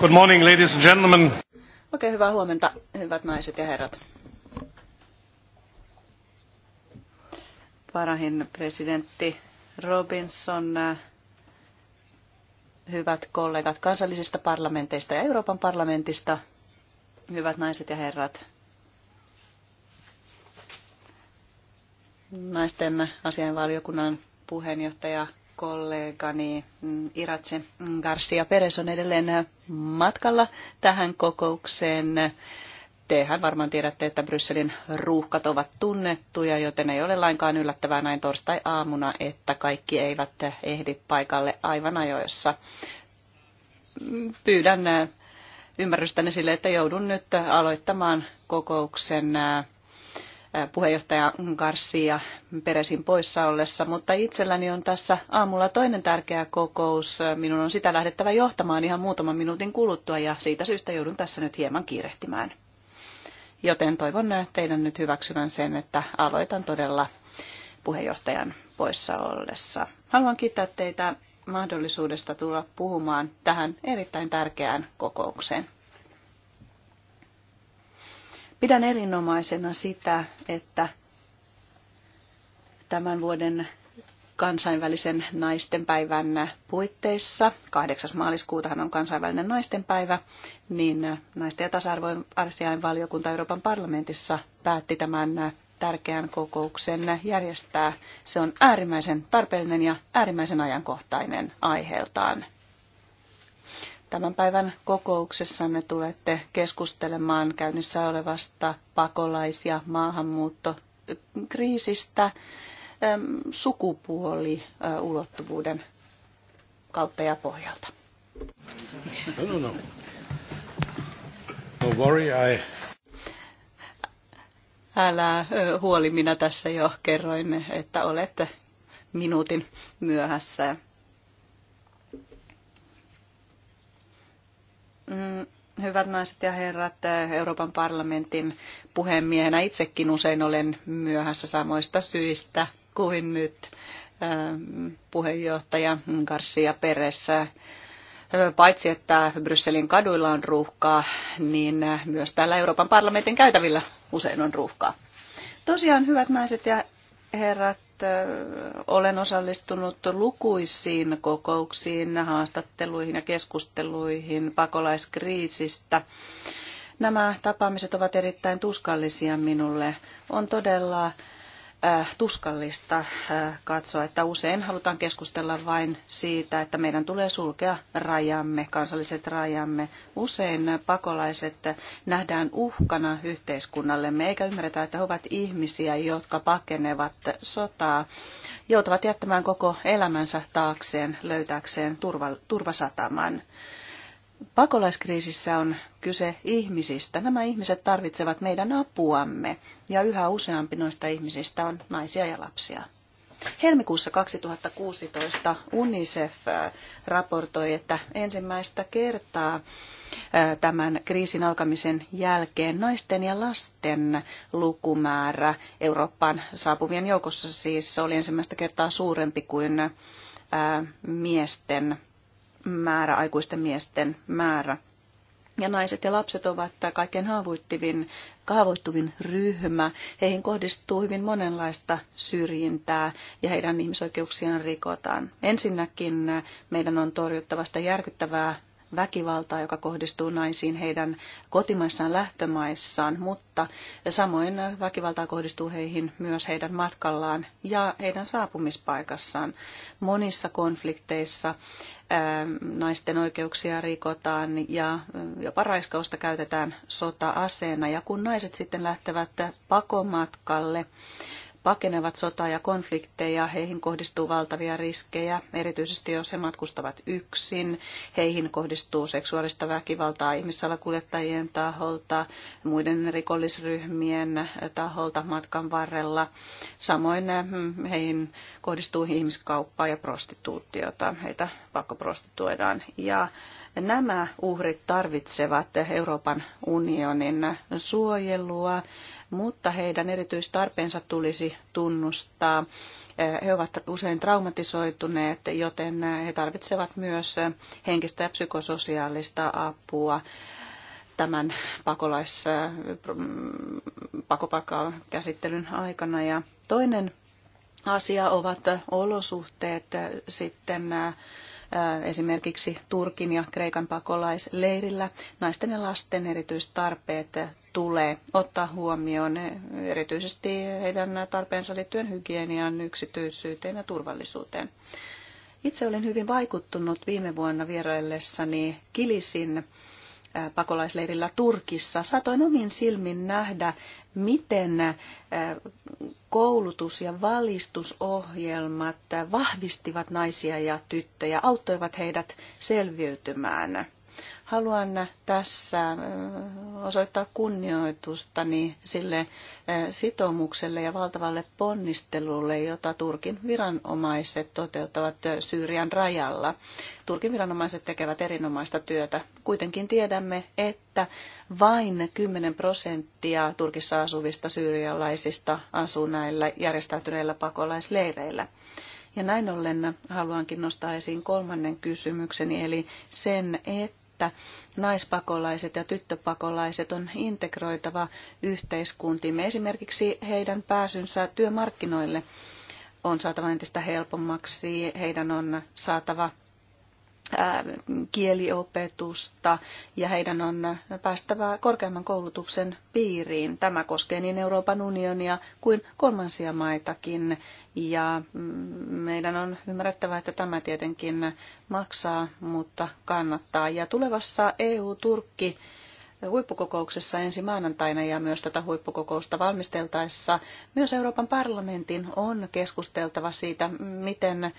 Good morning, ladies and gentlemen. hyvää huomenta, hyvät naiset ja herrat. Parahin presidentti Robinson, hyvät kollegat kansallisista parlamenteista ja Euroopan parlamentista, hyvät naiset ja herrat. Naisten asianvaliokunnan puheenjohtaja kollegani Iratse Garcia Perez on edelleen matkalla tähän kokoukseen. Tehän varmaan tiedätte, että Brysselin ruuhkat ovat tunnettuja, joten ei ole lainkaan yllättävää näin torstai-aamuna, että kaikki eivät ehdi paikalle aivan ajoissa. Pyydän ymmärrystäni sille, että joudun nyt aloittamaan kokouksen puheenjohtaja Garcia Peresin poissa ollessa, mutta itselläni on tässä aamulla toinen tärkeä kokous. Minun on sitä lähdettävä johtamaan ihan muutaman minuutin kuluttua ja siitä syystä joudun tässä nyt hieman kiirehtimään. Joten toivon teidän nyt hyväksyvän sen, että aloitan todella puheenjohtajan poissa ollessa. Haluan kiittää teitä mahdollisuudesta tulla puhumaan tähän erittäin tärkeään kokoukseen. Pidän erinomaisena sitä, että tämän vuoden kansainvälisen naistenpäivän puitteissa, 8. maaliskuutahan on kansainvälinen naistenpäivä, niin naisten ja tasa-arvoisen valiokunta Euroopan parlamentissa päätti tämän tärkeän kokouksen järjestää. Se on äärimmäisen tarpeellinen ja äärimmäisen ajankohtainen aiheeltaan. Tämän päivän kokouksessanne tulette keskustelemaan käynnissä olevasta pakolais- ja maahanmuuttokriisistä ähm, sukupuoliulottuvuuden äh, kautta ja pohjalta. No, no, no. No worry, I... Älä huoli, minä tässä jo kerroin, että olette minuutin myöhässä. Hyvät naiset ja herrat, Euroopan parlamentin puhemiehenä itsekin usein olen myöhässä samoista syistä kuin nyt ähm, puheenjohtaja Garcia Peressä. Äh, paitsi että Brysselin kaduilla on ruuhkaa, niin äh, myös täällä Euroopan parlamentin käytävillä usein on ruuhkaa. Tosiaan, hyvät naiset ja herrat, olen osallistunut lukuisiin kokouksiin, haastatteluihin ja keskusteluihin pakolaiskriisistä. Nämä tapaamiset ovat erittäin tuskallisia minulle. On todella Äh, tuskallista äh, katsoa, että usein halutaan keskustella vain siitä, että meidän tulee sulkea rajamme, kansalliset rajamme. Usein pakolaiset nähdään uhkana yhteiskunnallemme, eikä ymmärretä, että he ovat ihmisiä, jotka pakenevat sotaa, joutuvat jättämään koko elämänsä taakseen löytääkseen turva, turvasataman. Pakolaiskriisissä on kyse ihmisistä. Nämä ihmiset tarvitsevat meidän apuamme ja yhä useampi noista ihmisistä on naisia ja lapsia. Helmikuussa 2016 UNICEF äh, raportoi, että ensimmäistä kertaa äh, tämän kriisin alkamisen jälkeen naisten ja lasten lukumäärä Eurooppaan saapuvien joukossa siis oli ensimmäistä kertaa suurempi kuin äh, miesten määrä, aikuisten miesten määrä. Ja naiset ja lapset ovat kaikkein haavoittuvin, haavoittuvin ryhmä. Heihin kohdistuu hyvin monenlaista syrjintää ja heidän ihmisoikeuksiaan rikotaan. Ensinnäkin meidän on torjuttava sitä järkyttävää väkivaltaa, joka kohdistuu naisiin heidän kotimaissaan lähtömaissaan, mutta samoin väkivaltaa kohdistuu heihin myös heidän matkallaan ja heidän saapumispaikassaan. Monissa konflikteissa ähm, naisten oikeuksia rikotaan ja äh, jopa raiskausta käytetään sota-aseena. Ja kun naiset sitten lähtevät pakomatkalle, pakenevat sotaa ja konflikteja, heihin kohdistuu valtavia riskejä, erityisesti jos he matkustavat yksin, heihin kohdistuu seksuaalista väkivaltaa ihmissalakuljettajien taholta, muiden rikollisryhmien taholta matkan varrella. Samoin mm, heihin kohdistuu ihmiskauppaa ja prostituutiota, heitä pakkoprostituoidaan. Ja nämä uhrit tarvitsevat Euroopan unionin suojelua mutta heidän erityistarpeensa tulisi tunnustaa. Eh, he ovat usein traumatisoituneet, joten eh, he tarvitsevat myös eh, henkistä ja psykososiaalista apua tämän pakolais, mm, käsittelyn aikana. Ja toinen asia ovat olosuhteet sitten esimerkiksi Turkin ja Kreikan pakolaisleirillä naisten ja lasten erityistarpeet tulee ottaa huomioon erityisesti heidän tarpeensa liittyen hygieniaan, yksityisyyteen ja turvallisuuteen. Itse olin hyvin vaikuttunut viime vuonna vieraillessani Kilisin pakolaisleirillä Turkissa. Satoin omin silmin nähdä, miten koulutus- ja valistusohjelmat vahvistivat naisia ja tyttöjä, auttoivat heidät selviytymään – Haluan tässä äh, osoittaa kunnioitustani sille äh, sitoumukselle ja valtavalle ponnistelulle, jota Turkin viranomaiset toteuttavat äh, Syyrian rajalla. Turkin viranomaiset tekevät erinomaista työtä. Kuitenkin tiedämme, että vain 10 prosenttia Turkissa asuvista syyrialaisista asuu näillä järjestäytyneillä pakolaisleireillä. Ja näin ollen haluankin nostaa esiin kolmannen kysymykseni, eli sen, että että naispakolaiset ja tyttöpakolaiset on integroitava yhteiskuntiimme. Esimerkiksi heidän pääsynsä työmarkkinoille on saatava entistä helpommaksi, heidän on saatava kieliopetusta ja heidän on päästävä korkeamman koulutuksen piiriin. Tämä koskee niin Euroopan unionia kuin kolmansia maitakin ja mm, meidän on ymmärrettävä, että tämä tietenkin maksaa, mutta kannattaa. Ja tulevassa EU-Turkki huippukokouksessa ensi maanantaina ja myös tätä huippukokousta valmisteltaessa myös Euroopan parlamentin on keskusteltava siitä, miten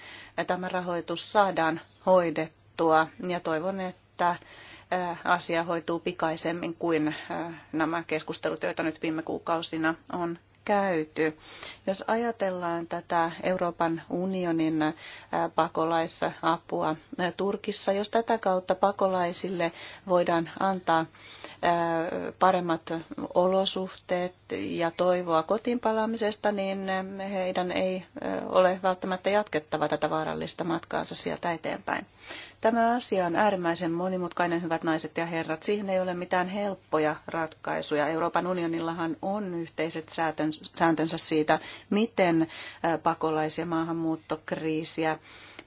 tämä rahoitus saadaan hoidettua ja toivon, että äh, asia hoituu pikaisemmin kuin äh, nämä keskustelut, joita nyt viime kuukausina on käyty. Jos ajatellaan tätä Euroopan unionin pakolaisapua Turkissa, jos tätä kautta pakolaisille voidaan antaa paremmat olosuhteet ja toivoa kotiin palaamisesta, niin heidän ei ole välttämättä jatkettava tätä vaarallista matkaansa sieltä eteenpäin. Tämä asia on äärimmäisen monimutkainen, hyvät naiset ja herrat. Siihen ei ole mitään helppoja ratkaisuja. Euroopan unionillahan on yhteiset sääntönsä siitä, miten pakolais- ja maahanmuuttokriisiä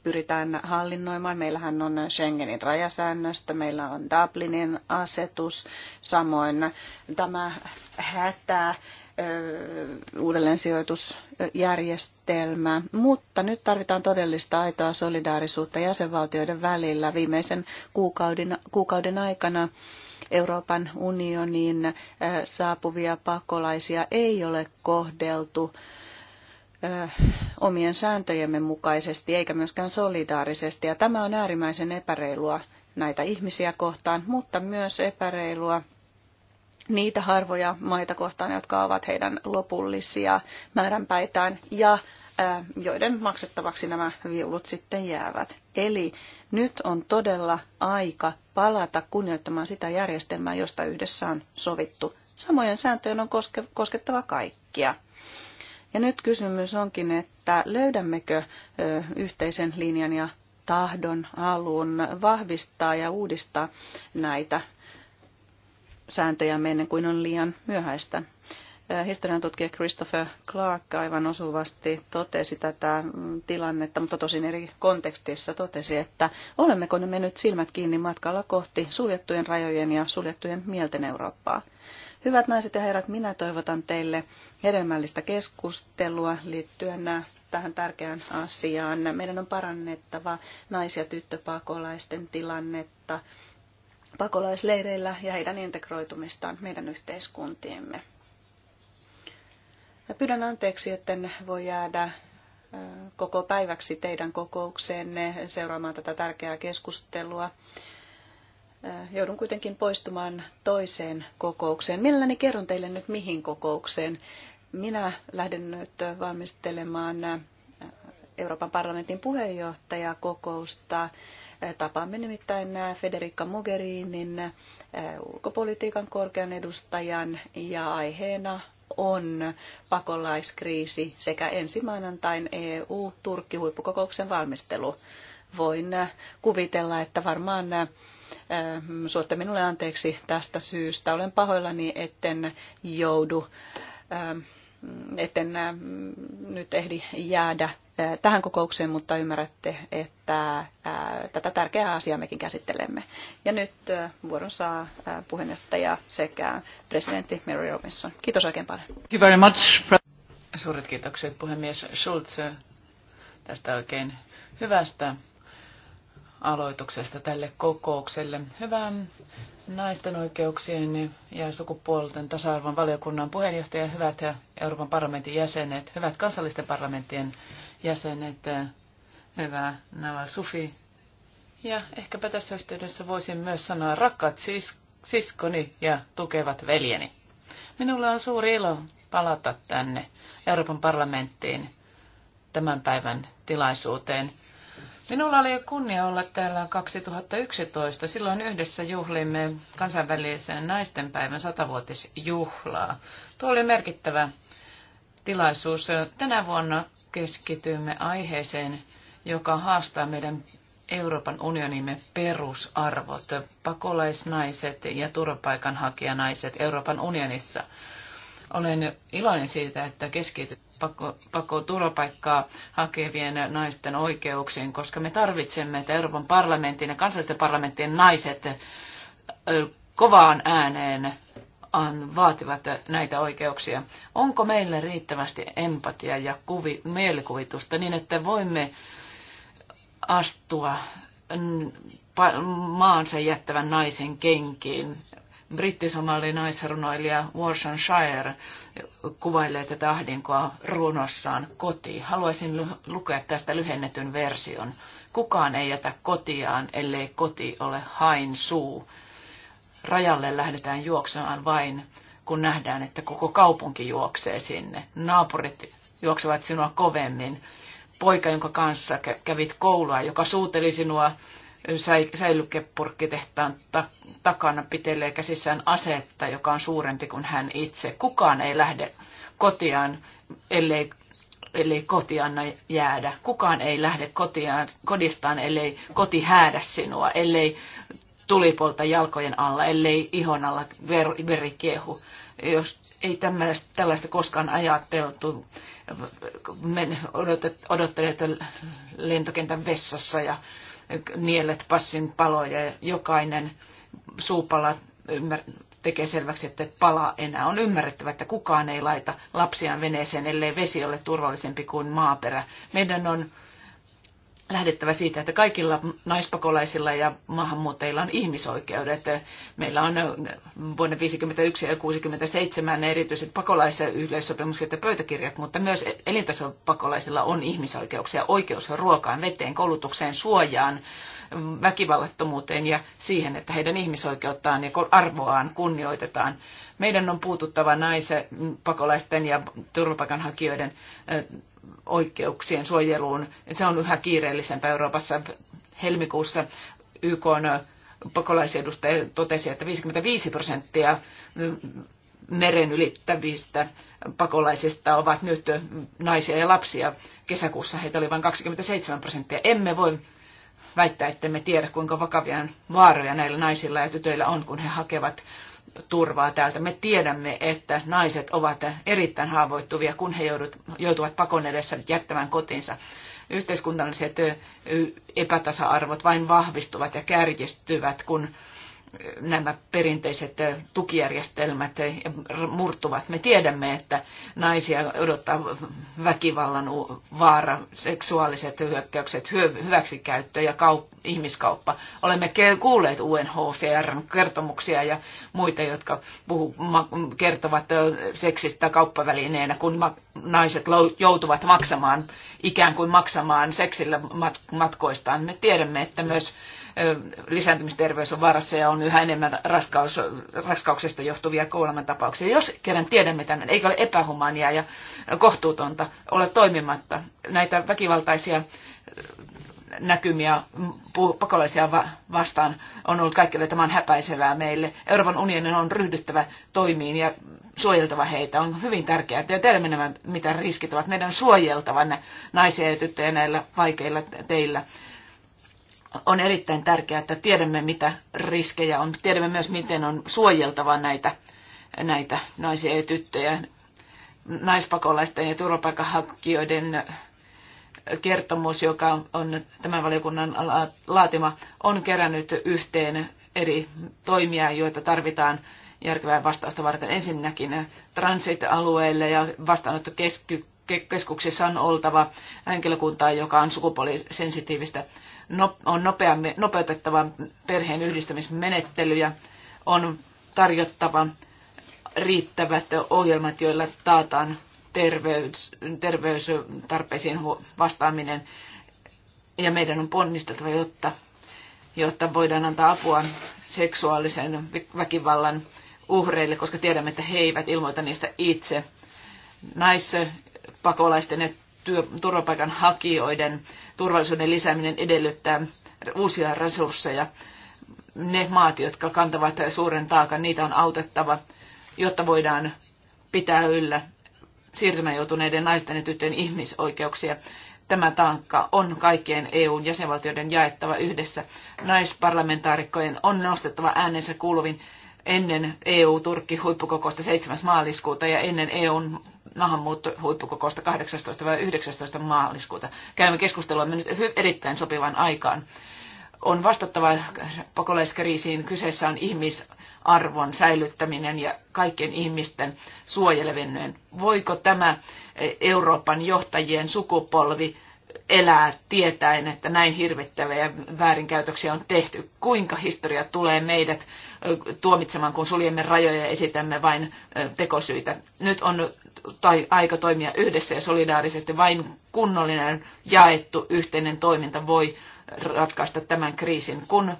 pyritään hallinnoimaan. Meillähän on Schengenin rajasäännöstä, meillä on Dublinin asetus, samoin tämä hätä uudelleen sijoitusjärjestelmä, mutta nyt tarvitaan todellista aitoa solidaarisuutta jäsenvaltioiden välillä viimeisen kuukauden, kuukauden aikana Euroopan unionin äh, saapuvia pakolaisia ei ole kohdeltu äh, omien sääntöjemme mukaisesti eikä myöskään solidaarisesti. Ja tämä on äärimmäisen epäreilua näitä ihmisiä kohtaan, mutta myös epäreilua niitä harvoja maita kohtaan, jotka ovat heidän lopullisia määränpäitään ja joiden maksettavaksi nämä viulut sitten jäävät. Eli nyt on todella aika palata kunnioittamaan sitä järjestelmää, josta yhdessä on sovittu. Samojen sääntöjen on koske, koskettava kaikkia. Ja nyt kysymys onkin, että löydämmekö yhteisen linjan ja tahdon, alun vahvistaa ja uudistaa näitä sääntöjä ennen kuin on liian myöhäistä historian tutkija Christopher Clark aivan osuvasti totesi tätä mm, tilannetta, mutta tosin eri kontekstissa totesi, että olemmeko me nyt silmät kiinni matkalla kohti suljettujen rajojen ja suljettujen mielten Eurooppaa. Hyvät naiset ja herrat, minä toivotan teille hedelmällistä keskustelua liittyen tähän tärkeään asiaan. Meidän on parannettava nais- ja tyttöpakolaisten tilannetta pakolaisleireillä ja heidän integroitumistaan meidän yhteiskuntiimme. Ja pyydän anteeksi, että voi jäädä koko päiväksi teidän kokoukseenne seuraamaan tätä tärkeää keskustelua. Joudun kuitenkin poistumaan toiseen kokoukseen. Mielelläni kerron teille nyt mihin kokoukseen. Minä lähden nyt valmistelemaan Euroopan parlamentin puheenjohtajakokousta. Tapaamme nimittäin Federica Mogherinin ulkopolitiikan korkean edustajan ja aiheena on pakolaiskriisi sekä ensi maanantain EU-Turkki-huippukokouksen valmistelu. Voin kuvitella, että varmaan äh, suotte minulle anteeksi tästä syystä. Olen pahoillani, etten joudu äh, etten nyt ehdi jäädä tähän kokoukseen, mutta ymmärrätte, että tätä tärkeää asiaa mekin käsittelemme. Ja nyt vuoron saa puheenjohtaja sekä presidentti Mary Robinson. Kiitos oikein paljon. Thank you very much. Suuret kiitokset puhemies Schulz tästä oikein hyvästä aloituksesta tälle kokoukselle. Hyvää naisten oikeuksien ja sukupuolten tasa-arvon valiokunnan puheenjohtaja, hyvät ja Euroopan parlamentin jäsenet, hyvät kansallisten parlamenttien jäsenet, hyvä nava Sufi. Ja ehkäpä tässä yhteydessä voisin myös sanoa rakkaat sis- siskoni ja tukevat veljeni. Minulla on suuri ilo palata tänne Euroopan parlamenttiin tämän päivän tilaisuuteen. Minulla oli kunnia olla täällä 2011. Silloin yhdessä juhlimme kansainvälisen naistenpäivän satavuotisjuhlaa. Tuo oli merkittävä tilaisuus. Tänä vuonna keskitymme aiheeseen, joka haastaa meidän Euroopan unionimme perusarvot, pakolaisnaiset ja turvapaikanhakijanaiset Euroopan unionissa. Olen iloinen siitä, että keskityt Pakko pako turvapaikkaa hakevien naisten oikeuksiin, koska me tarvitsemme, että Euroopan parlamentin ja kansallisten parlamenttien naiset kovaan ääneen vaativat näitä oikeuksia. Onko meillä riittävästi empatiaa ja kuvi, mielikuvitusta niin, että voimme astua maansa jättävän naisen kenkiin brittisomali naisrunoilija Warson Shire kuvailee tätä ahdinkoa runossaan koti. Haluaisin lukea tästä lyhennetyn version. Kukaan ei jätä kotiaan, ellei koti ole hain suu. Rajalle lähdetään juoksemaan vain, kun nähdään, että koko kaupunki juoksee sinne. Naapurit juoksevat sinua kovemmin. Poika, jonka kanssa kävit koulua, joka suuteli sinua säilykepurkkitehtaan takana pitelee käsissään asetta, joka on suurempi kuin hän itse. Kukaan ei lähde kotiaan, ellei, ellei kotiaan jäädä. Kukaan ei lähde kotiaan, kodistaan, ellei koti häädä sinua, ellei tulipolta jalkojen alla, ellei ihon alla ver, veri kiehu. Jos ei tämmöistä, tällaista koskaan ajateltu, odottelen, lentokentän vessassa ja nielet passin paloja ja jokainen suupala ymmär- tekee selväksi, että et palaa enää. On ymmärrettävä, että kukaan ei laita lapsiaan veneeseen, ellei vesi ole turvallisempi kuin maaperä. Meidän on lähdettävä siitä, että kaikilla naispakolaisilla ja maahanmuuttajilla on ihmisoikeudet. Meillä on vuonna 1951 ja 1967 erityiset ja yleissopimukset ja pöytäkirjat, mutta myös elintasopakolaisilla on ihmisoikeuksia, oikeus ruokaan, veteen, koulutukseen, suojaan, väkivallattomuuteen ja siihen, että heidän ihmisoikeuttaan ja arvoaan kunnioitetaan. Meidän on puututtava naisen, pakolaisten ja turvapaikanhakijoiden oikeuksien suojeluun. Se on yhä kiireellisempää Euroopassa. Helmikuussa YK on pakolaisedustaja totesi, että 55 prosenttia meren ylittävistä pakolaisista ovat nyt naisia ja lapsia. Kesäkuussa heitä oli vain 27 prosenttia. Emme voi väittää, että me tiedä, kuinka vakavia vaaroja näillä naisilla ja tytöillä on, kun he hakevat turvaa täältä. Me tiedämme, että naiset ovat erittäin haavoittuvia, kun he joutuvat pakon edessä jättämään kotinsa. Yhteiskunnalliset epätasa-arvot vain vahvistuvat ja kärjistyvät, kun nämä perinteiset tukijärjestelmät murtuvat. Me tiedämme, että naisia odottaa väkivallan vaara, seksuaaliset hyökkäykset, hyväksikäyttö ja kaup- ihmiskauppa. Olemme kuulleet unhcr kertomuksia ja muita, jotka puhu, kertovat seksistä kauppavälineenä, kun naiset joutuvat maksamaan, ikään kuin maksamaan seksillä matkoistaan. Me tiedämme, että myös lisääntymisterveys on vaarassa ja on yhä enemmän raskaus, raskauksesta johtuvia kuolemantapauksia. Jos kerran tiedämme tämän, eikä ole epähumania ja kohtuutonta olla toimimatta näitä väkivaltaisia näkymiä pakolaisia vastaan on ollut kaikille tämän häpäisevää meille. Euroopan unionin on ryhdyttävä toimiin ja suojeltava heitä. On hyvin tärkeää, että tiedämme nämä, mitä riskit ovat. Meidän on suojeltava naisia ja tyttöjä näillä vaikeilla teillä on erittäin tärkeää, että tiedämme mitä riskejä on. Tiedämme myös, miten on suojeltava näitä, näitä naisia ja tyttöjä. Naispakolaisten ja turvapaikanhakijoiden kertomus, joka on tämän valiokunnan laatima, on kerännyt yhteen eri toimia, joita tarvitaan järkevää vastausta varten. Ensinnäkin transit-alueille ja vastaanottokeskuksissa on oltava henkilökuntaa, joka on sukupuolisensitiivistä. sensitiivistä on nopeutettava perheen yhdistämismenettelyjä, on tarjottava riittävät ohjelmat, joilla taataan terveys, terveystarpeisiin vastaaminen. Ja meidän on ponnisteltava, jotta, jotta voidaan antaa apua seksuaalisen väkivallan uhreille, koska tiedämme, että he eivät ilmoita niistä itse. Naispakolaisten ja työ, turvapaikanhakijoiden turvallisuuden lisääminen edellyttää uusia resursseja. Ne maat, jotka kantavat suuren taakan, niitä on autettava, jotta voidaan pitää yllä siirtymään joutuneiden naisten ja tyttöjen ihmisoikeuksia. Tämä taakka on kaikkien EUn jäsenvaltioiden jaettava yhdessä. Naisparlamentaarikkojen on nostettava äänensä kuuluvin ennen EU-Turkki huippukokousta 7. maaliskuuta ja ennen EUn maahanmuuttohuippukokousta 18 vai 19 maaliskuuta. Käymme keskustelua nyt erittäin sopivan aikaan. On vastattava pakolaiskriisiin. Kyseessä on ihmisarvon säilyttäminen ja kaikkien ihmisten suojeleminen. Voiko tämä Euroopan johtajien sukupolvi elää tietäen, että näin hirvittäviä väärinkäytöksiä on tehty? Kuinka historia tulee meidät tuomitsemaan, kun suljemme rajoja ja esitämme vain tekosyitä. Nyt on tai aika toimia yhdessä ja solidaarisesti. Vain kunnollinen jaettu yhteinen toiminta voi ratkaista tämän kriisin. Kun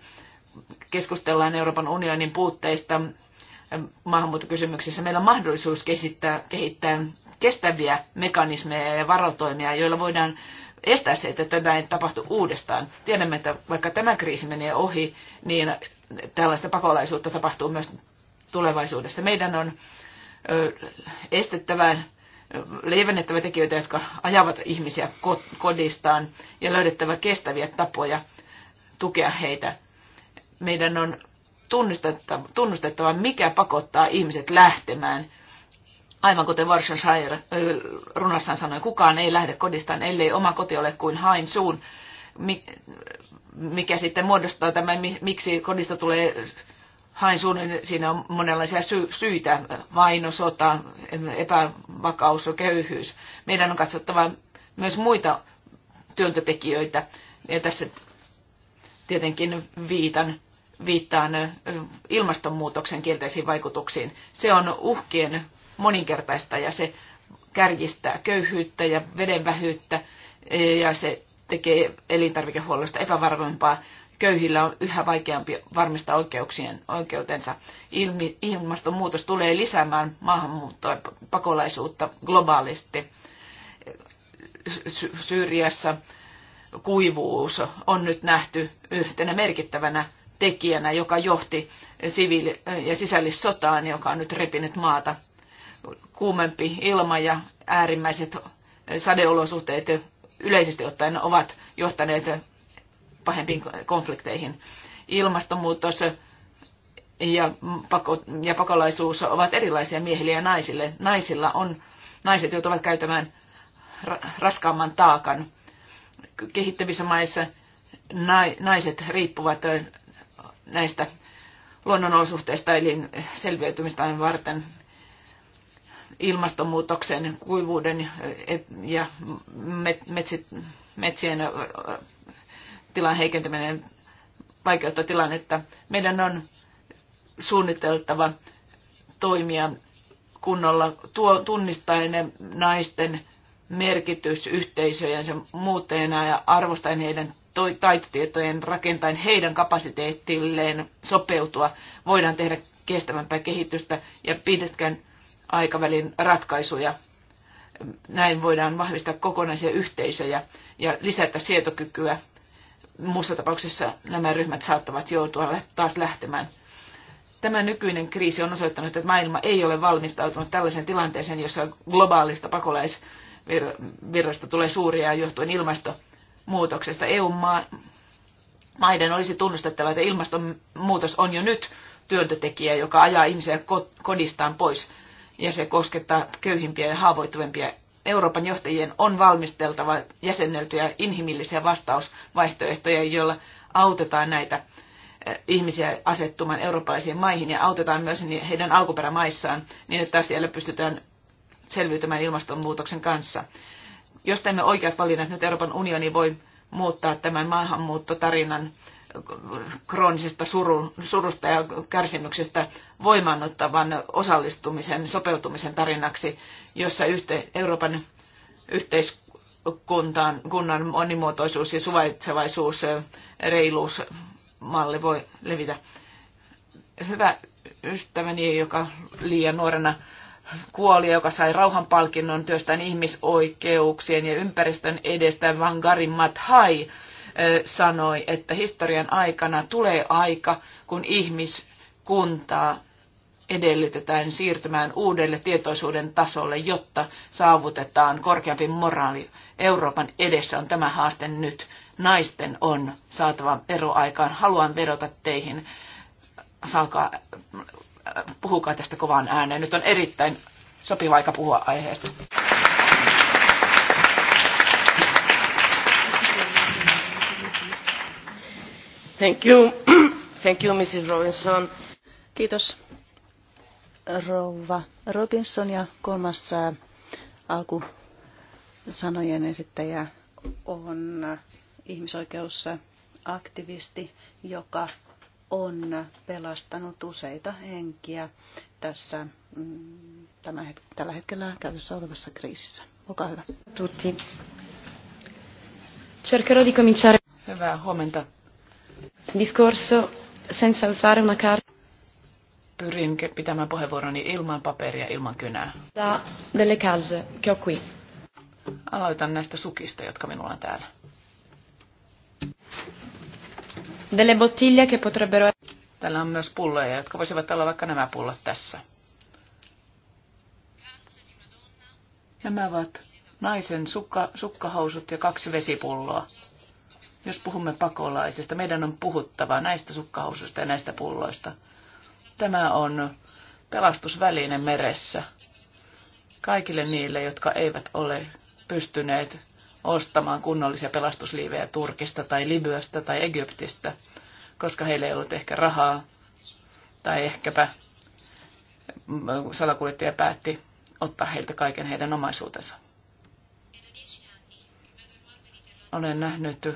keskustellaan Euroopan unionin puutteista maahanmuuttokysymyksissä, meillä on mahdollisuus kehittää, kehittää kestäviä mekanismeja ja varotoimia, joilla voidaan estää se, että tätä ei tapahtu uudestaan. Tiedämme, että vaikka tämä kriisi menee ohi, niin tällaista pakolaisuutta tapahtuu myös tulevaisuudessa. Meidän on estettävä, lievennettävä tekijöitä, jotka ajavat ihmisiä kodistaan ja löydettävä kestäviä tapoja tukea heitä. Meidän on tunnustettava, tunnustettava mikä pakottaa ihmiset lähtemään. Aivan kuten Warshire runassaan sanoi, kukaan ei lähde kodistaan, ellei oma koti ole kuin hain suun mikä sitten muodostaa tämän, miksi kodista tulee hainsuun, niin siinä on monenlaisia sy- syitä, vaino, sota, epävakaus, köyhyys. Meidän on katsottava myös muita työntötekijöitä, ja tässä tietenkin viitan, viittaan ilmastonmuutoksen kielteisiin vaikutuksiin. Se on uhkien moninkertaista ja se kärjistää köyhyyttä ja vedenvähyyttä ja se tekee elintarvikehuollosta epävarmempaa. Köyhillä on yhä vaikeampi varmistaa oikeuksien, oikeutensa. Ilmi, ilmastonmuutos tulee lisäämään maahanmuuttoa pakolaisuutta globaalisti. Sy- Syyriassa kuivuus on nyt nähty yhtenä merkittävänä tekijänä, joka johti siviili- ja sisällissotaan, joka on nyt repinyt maata. Kuumempi ilma ja äärimmäiset sadeolosuhteet yleisesti ottaen ovat johtaneet pahempiin konflikteihin. Ilmastonmuutos ja, pako, ja pakolaisuus ovat erilaisia miehille ja naisille. Naisilla on, naiset joutuvat käyttämään raskaamman taakan. Kehittävissä maissa naiset riippuvat näistä luonnonolosuhteista eli selviytymistä varten ilmastonmuutoksen, kuivuuden ja metsien tilan heikentäminen vaikeuttaa tilannetta. Meidän on suunniteltava toimia kunnolla tuo, tunnistaen naisten merkitys yhteisöjensä muuttajana ja arvostaen heidän taitotietojen rakentaen heidän kapasiteettilleen sopeutua. Voidaan tehdä kestävämpää kehitystä ja pitkän aikavälin ratkaisuja. Näin voidaan vahvistaa kokonaisia yhteisöjä ja lisätä sietokykyä. Muussa tapauksessa nämä ryhmät saattavat joutua taas lähtemään. Tämä nykyinen kriisi on osoittanut, että maailma ei ole valmistautunut tällaiseen tilanteeseen, jossa globaalista pakolaisvirrasta tulee suuria johtuen ilmastonmuutoksesta. EU-maiden olisi tunnustettava, että ilmastonmuutos on jo nyt työntötekijä, joka ajaa ihmisiä kodistaan pois ja se koskettaa köyhimpiä ja haavoittuvimpia. Euroopan johtajien on valmisteltava jäsenneltyjä inhimillisiä vastausvaihtoehtoja, joilla autetaan näitä eh, ihmisiä asettumaan eurooppalaisiin maihin ja autetaan myös heidän alkuperämaissaan niin, että siellä pystytään selviytymään ilmastonmuutoksen kanssa. Jos teemme oikeat valinnat, nyt Euroopan unioni voi muuttaa tämän maahanmuuttotarinan kroonisesta surusta ja kärsimyksestä voimaannuttavan osallistumisen, sopeutumisen tarinaksi, jossa yhte, Euroopan yhteiskunnan kunnan monimuotoisuus ja suvaitsevaisuus, reiluusmalli voi levitä. Hyvä ystäväni, joka liian nuorena kuoli, joka sai rauhanpalkinnon työstään ihmisoikeuksien ja ympäristön edestä Vangarin Mathai, sanoi, että historian aikana tulee aika, kun ihmiskuntaa edellytetään siirtymään uudelle tietoisuuden tasolle, jotta saavutetaan korkeampi moraali. Euroopan edessä on tämä haaste nyt. Naisten on saatava eroaikaan. Haluan vedota teihin. Saakaa, puhukaa tästä kovaan ääneen. Nyt on erittäin sopiva aika puhua aiheesta. Kiitos rouva Robinson ja kolmas alku esittäjä on ihmisoikeusaktivisti, joka on pelastanut useita henkiä tässä mm, tämän het- tällä hetkellä käytössä olevassa kriisissä. Olkaa hyvä. Tutti. Cercherò di cominciare. Hyvää huomenta discorso senza alzare una carta. Pyrin pitämään puheenvuoroni ilman paperia, ilman kynää. Da delle calze che ho qui. Aloitan näistä sukista, jotka minulla on täällä. Delle bottiglie che potrebbero... Täällä on myös pulloja, jotka voisivat olla vaikka nämä pullot tässä. Nämä ovat naisen sukka, sukkahousut ja kaksi vesipulloa. Jos puhumme pakolaisista, meidän on puhuttava näistä sukkahousuista ja näistä pulloista. Tämä on pelastusväline meressä kaikille niille, jotka eivät ole pystyneet ostamaan kunnollisia pelastusliivejä Turkista tai Libyasta tai Egyptistä, koska heillä ei ollut ehkä rahaa tai ehkäpä salakuljettaja päätti ottaa heiltä kaiken heidän omaisuutensa. Olen nähnyt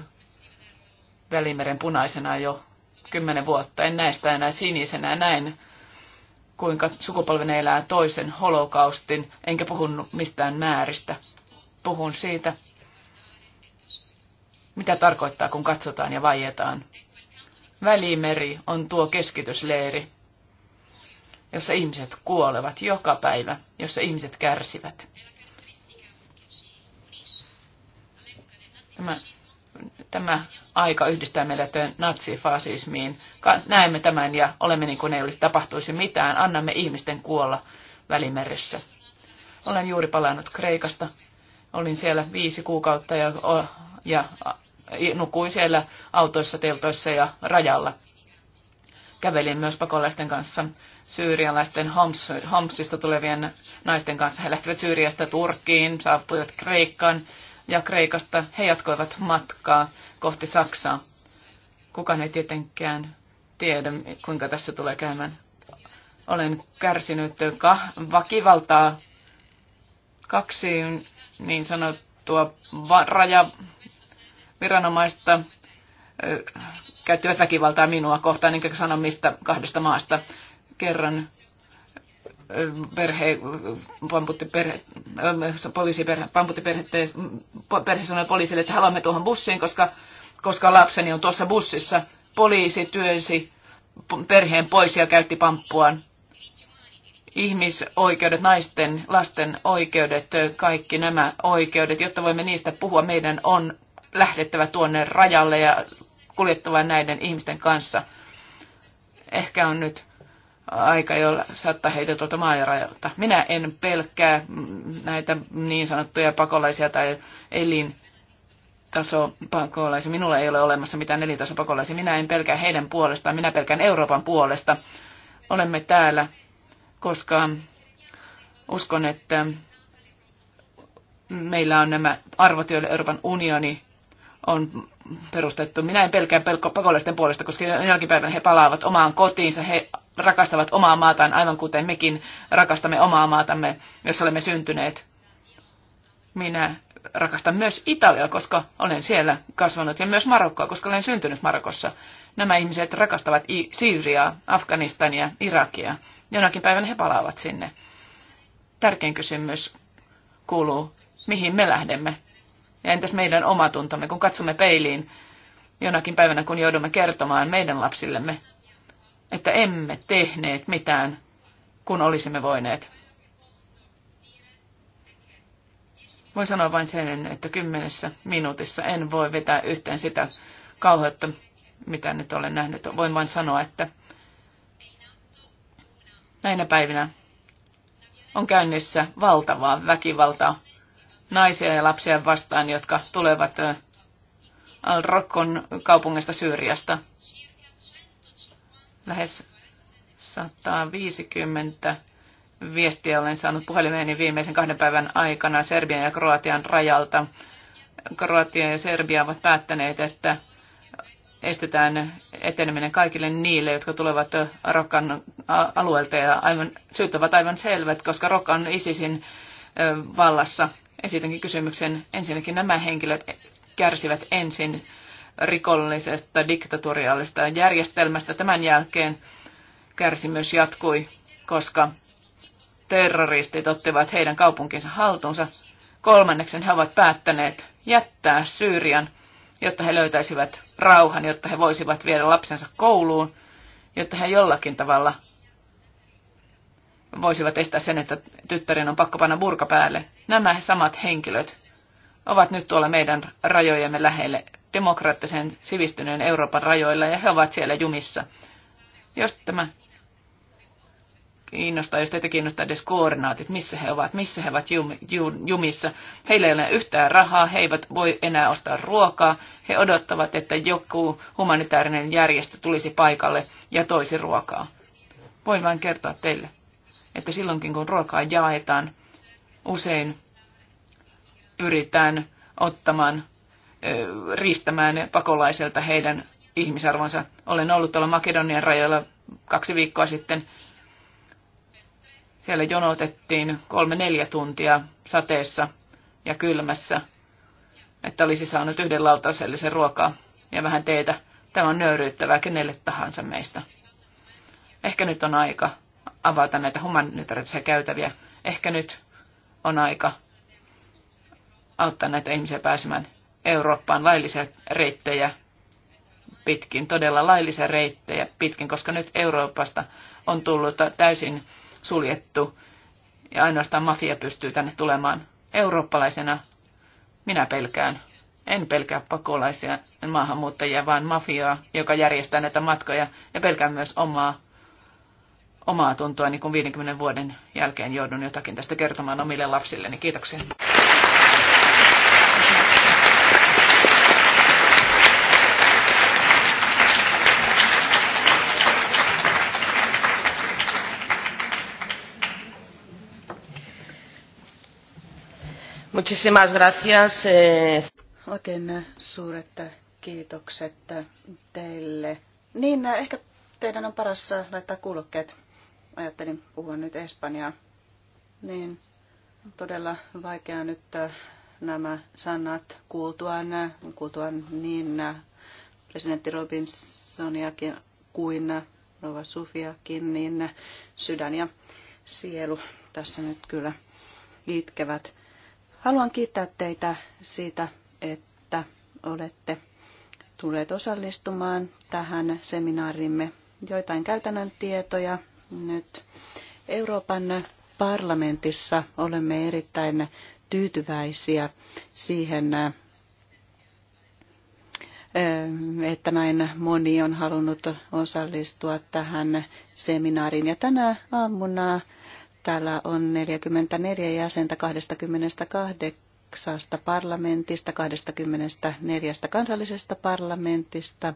Välimeren punaisena jo kymmenen vuotta. En näe sitä enää sinisenä. näin kuinka sukupolven elää toisen holokaustin. Enkä puhunut mistään määristä. Puhun siitä, mitä tarkoittaa, kun katsotaan ja vaietaan. Välimeri on tuo keskitysleiri, jossa ihmiset kuolevat joka päivä, jossa ihmiset kärsivät. Tämä tämä aika yhdistää meidät natsifasismiin. Näemme tämän ja olemme niin kuin ei olisi tapahtuisi mitään. Annamme ihmisten kuolla välimeressä. Olen juuri palannut Kreikasta. Olin siellä viisi kuukautta ja, ja nukuin siellä autoissa, teltoissa ja rajalla. Kävelin myös pakolaisten kanssa syyrialaisten Homs, Homsista tulevien naisten kanssa. He lähtivät Syyriasta Turkkiin, saapuivat Kreikkaan ja Kreikasta. He jatkoivat matkaa kohti Saksaa. Kukaan ei tietenkään tiedä, kuinka tässä tulee käymään. Olen kärsinyt vakivaltaa kaksi niin sanottua rajaviranomaista käyttivät väkivaltaa minua kohtaan, enkä sano mistä kahdesta maasta. Kerran perhe, pamputti perhe, ähm, poliisi perhe, pamputti perhe, perhe sanoi poliisille, että haluamme tuohon bussiin, koska, koska lapseni on tuossa bussissa. Poliisi työnsi perheen pois ja käytti pamppuaan. Ihmisoikeudet, naisten, lasten oikeudet, kaikki nämä oikeudet, jotta voimme niistä puhua, meidän on lähdettävä tuonne rajalle ja kuljettava näiden ihmisten kanssa. Ehkä on nyt aika, jolla saattaa heitä tuolta maajarajalta. Minä en pelkää näitä niin sanottuja pakolaisia tai elin pakolaisia. Minulla ei ole olemassa mitään elintasopakolaisia. Minä en pelkää heidän puolestaan, minä pelkään Euroopan puolesta. Olemme täällä, koska uskon, että meillä on nämä arvot, joille Euroopan unioni on perustettu. Minä en pelkää pelkko pakolaisten puolesta, koska jälkipäivän he palaavat omaan kotiinsa, he rakastavat omaa maataan aivan kuten mekin rakastamme omaa maatamme, jos olemme syntyneet. Minä rakastan myös Italiaa, koska olen siellä kasvanut, ja myös Marokkoa, koska olen syntynyt Marokossa. Nämä ihmiset rakastavat i Syyriaa, Afganistania, Irakia. Jonakin päivänä he palaavat sinne. Tärkein kysymys kuuluu, mihin me lähdemme? Ja entäs meidän omatuntomme, kun katsomme peiliin jonakin päivänä, kun joudumme kertomaan meidän lapsillemme, että emme tehneet mitään, kun olisimme voineet. Voin sanoa vain sen, että kymmenessä minuutissa en voi vetää yhteen sitä kauheutta, mitä nyt olen nähnyt. Voin vain sanoa, että näinä päivinä on käynnissä valtavaa väkivaltaa naisia ja lapsia vastaan, jotka tulevat äh, Al-Rokkon kaupungista Syyriasta lähes 150 viestiä olen saanut puhelimeeni viimeisen kahden päivän aikana Serbian ja Kroatian rajalta. Kroatia ja Serbia ovat päättäneet, että estetään eteneminen kaikille niille, jotka tulevat Rokan alueelta ja aivan, syyt ovat aivan selvät, koska Rokka on ISISin vallassa. Esitänkin kysymyksen ensinnäkin nämä henkilöt kärsivät ensin rikollisesta diktatoriaalista järjestelmästä. Tämän jälkeen kärsimys jatkui, koska terroristit ottivat heidän kaupunkinsa haltuunsa. Kolmanneksen he ovat päättäneet jättää Syyrian, jotta he löytäisivät rauhan, jotta he voisivat viedä lapsensa kouluun, jotta he jollakin tavalla voisivat estää sen, että tyttären on pakko panna burka päälle. Nämä samat henkilöt ovat nyt tuolla meidän rajojemme lähelle, demokraattisen sivistyneen Euroopan rajoilla ja he ovat siellä jumissa. Jos tämä kiinnostaa, jos teitä kiinnostaa edes koordinaatit, missä he ovat, missä he ovat jum, jum, jumissa. Heillä ei ole yhtään rahaa, he eivät voi enää ostaa ruokaa. He odottavat, että joku humanitaarinen järjestö tulisi paikalle ja toisi ruokaa. Voin vain kertoa teille, että silloinkin kun ruokaa jaetaan, usein pyritään ottamaan riistämään pakolaiselta heidän ihmisarvonsa. Olen ollut tuolla Makedonian rajoilla kaksi viikkoa sitten. Siellä jonotettiin kolme neljä tuntia sateessa ja kylmässä, että olisi saanut yhden lautasellisen ruokaa ja vähän teitä. Tämä on nöyryyttävää kenelle tahansa meistä. Ehkä nyt on aika avata näitä humanitaarisia käytäviä. Ehkä nyt on aika auttaa näitä ihmisiä pääsemään Eurooppaan laillisia reittejä pitkin, todella laillisia reittejä pitkin, koska nyt Euroopasta on tullut täysin suljettu ja ainoastaan mafia pystyy tänne tulemaan. Eurooppalaisena minä pelkään. En pelkää pakolaisia maahanmuuttajia, vaan mafiaa, joka järjestää näitä matkoja ja pelkään myös omaa, omaa tuntoa, niin kun 50 vuoden jälkeen joudun jotakin tästä kertomaan omille lapsilleni. Kiitoksia. Muchísimas gracias. Eh. Oikein suuret kiitokset teille. Niin, ehkä teidän on paras laittaa kuulokkeet. Ajattelin puhua nyt Espanjaa. Niin, on todella vaikea nyt nämä sanat kuultuaan, kuultuaan niin presidentti Robinsoniakin kuin Rova Sufiakin, niin sydän ja sielu tässä nyt kyllä itkevät. Haluan kiittää teitä siitä, että olette tulleet osallistumaan tähän seminaarimme. Joitain käytännön tietoja nyt. Euroopan parlamentissa olemme erittäin tyytyväisiä siihen, eh, että näin moni on halunnut osallistua tähän seminaariin. Ja tänä aamuna Täällä on 44 jäsentä 28 parlamentista, 24 kansallisesta parlamentista.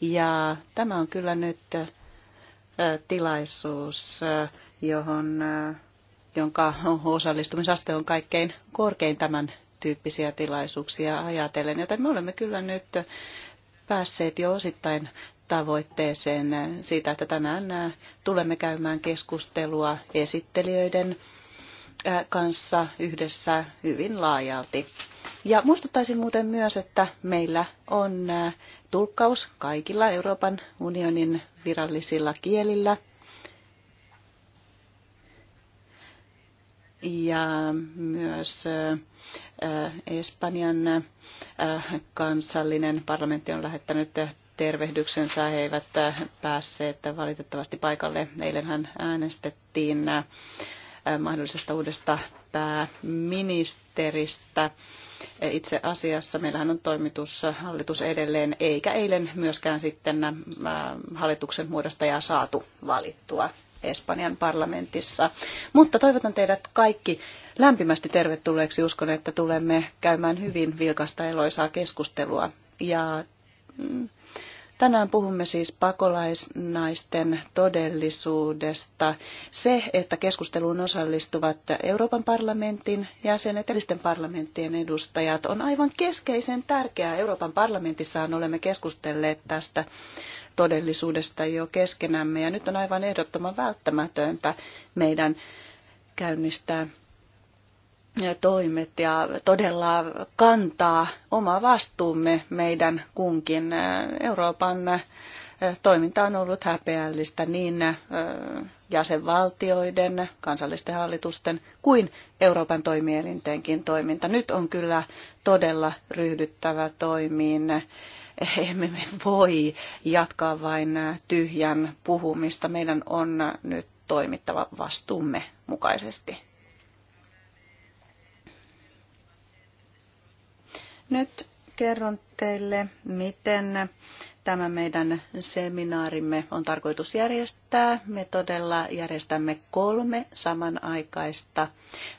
Ja tämä on kyllä nyt tilaisuus, johon, jonka osallistumisaste on kaikkein korkein tämän tyyppisiä tilaisuuksia ajatellen. Joten me olemme kyllä nyt päässeet jo osittain tavoitteeseen siitä, että tänään tulemme käymään keskustelua esittelijöiden kanssa yhdessä hyvin laajalti. Ja muistuttaisin muuten myös, että meillä on tulkkaus kaikilla Euroopan unionin virallisilla kielillä. Ja myös Espanjan kansallinen parlamentti on lähettänyt tervehdyksensä. He eivät päässeet valitettavasti paikalle. Eilenhän äänestettiin äh, mahdollisesta uudesta pääministeristä. Itse asiassa meillähän on hallitus edelleen, eikä eilen myöskään sitten äh, hallituksen muodostajaa saatu valittua Espanjan parlamentissa. Mutta toivotan teidät kaikki lämpimästi tervetulleeksi. Uskon, että tulemme käymään hyvin vilkasta eloisaa keskustelua. Ja mm, Tänään puhumme siis pakolaisnaisten todellisuudesta. Se, että keskusteluun osallistuvat Euroopan parlamentin jäsenet, sen parlamenttien edustajat, on aivan keskeisen tärkeää. Euroopan parlamentissaan olemme keskustelleet tästä todellisuudesta jo keskenämme ja nyt on aivan ehdottoman välttämätöntä meidän käynnistää toimet ja todella kantaa oma vastuumme meidän kunkin. Euroopan toiminta on ollut häpeällistä niin jäsenvaltioiden, kansallisten hallitusten kuin Euroopan toimielintenkin toiminta. Nyt on kyllä todella ryhdyttävä toimiin. Emme me voi jatkaa vain tyhjän puhumista. Meidän on nyt toimittava vastuumme mukaisesti. Nyt kerron teille, miten tämä meidän seminaarimme on tarkoitus järjestää. Me todella järjestämme kolme samanaikaista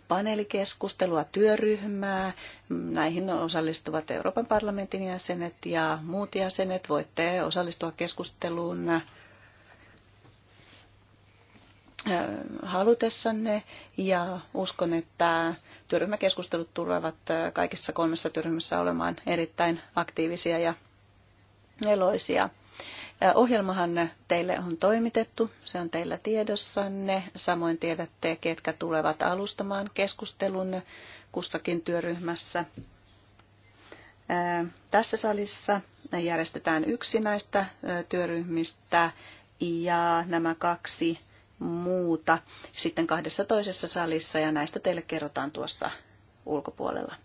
paneelikeskustelua, työryhmää. Näihin osallistuvat Euroopan parlamentin jäsenet ja muut jäsenet. Voitte osallistua keskusteluun halutessanne ja uskon, että työryhmäkeskustelut tulevat kaikissa kolmessa työryhmässä olemaan erittäin aktiivisia ja eloisia. Ohjelmahan teille on toimitettu, se on teillä tiedossanne. Samoin tiedätte, ketkä tulevat alustamaan keskustelun kussakin työryhmässä. Tässä salissa järjestetään yksi näistä työryhmistä ja nämä kaksi muuta sitten kahdessa toisessa salissa ja näistä teille kerrotaan tuossa ulkopuolella.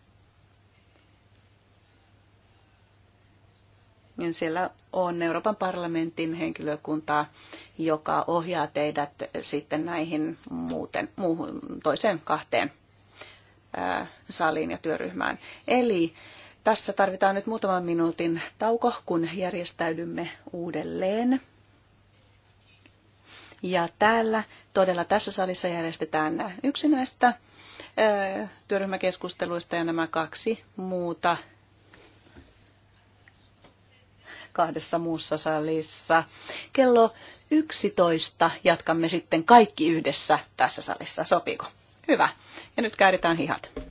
Ja siellä on Euroopan parlamentin henkilökuntaa, joka ohjaa teidät sitten näihin muuten, muuhun, toiseen kahteen ää, saliin ja työryhmään. Eli tässä tarvitaan nyt muutaman minuutin tauko, kun järjestäydymme uudelleen. Ja täällä todella tässä salissa järjestetään yksi näistä työryhmäkeskusteluista ja nämä kaksi muuta kahdessa muussa salissa. Kello 11 jatkamme sitten kaikki yhdessä tässä salissa. Sopiiko? Hyvä. Ja nyt kääritään hihat.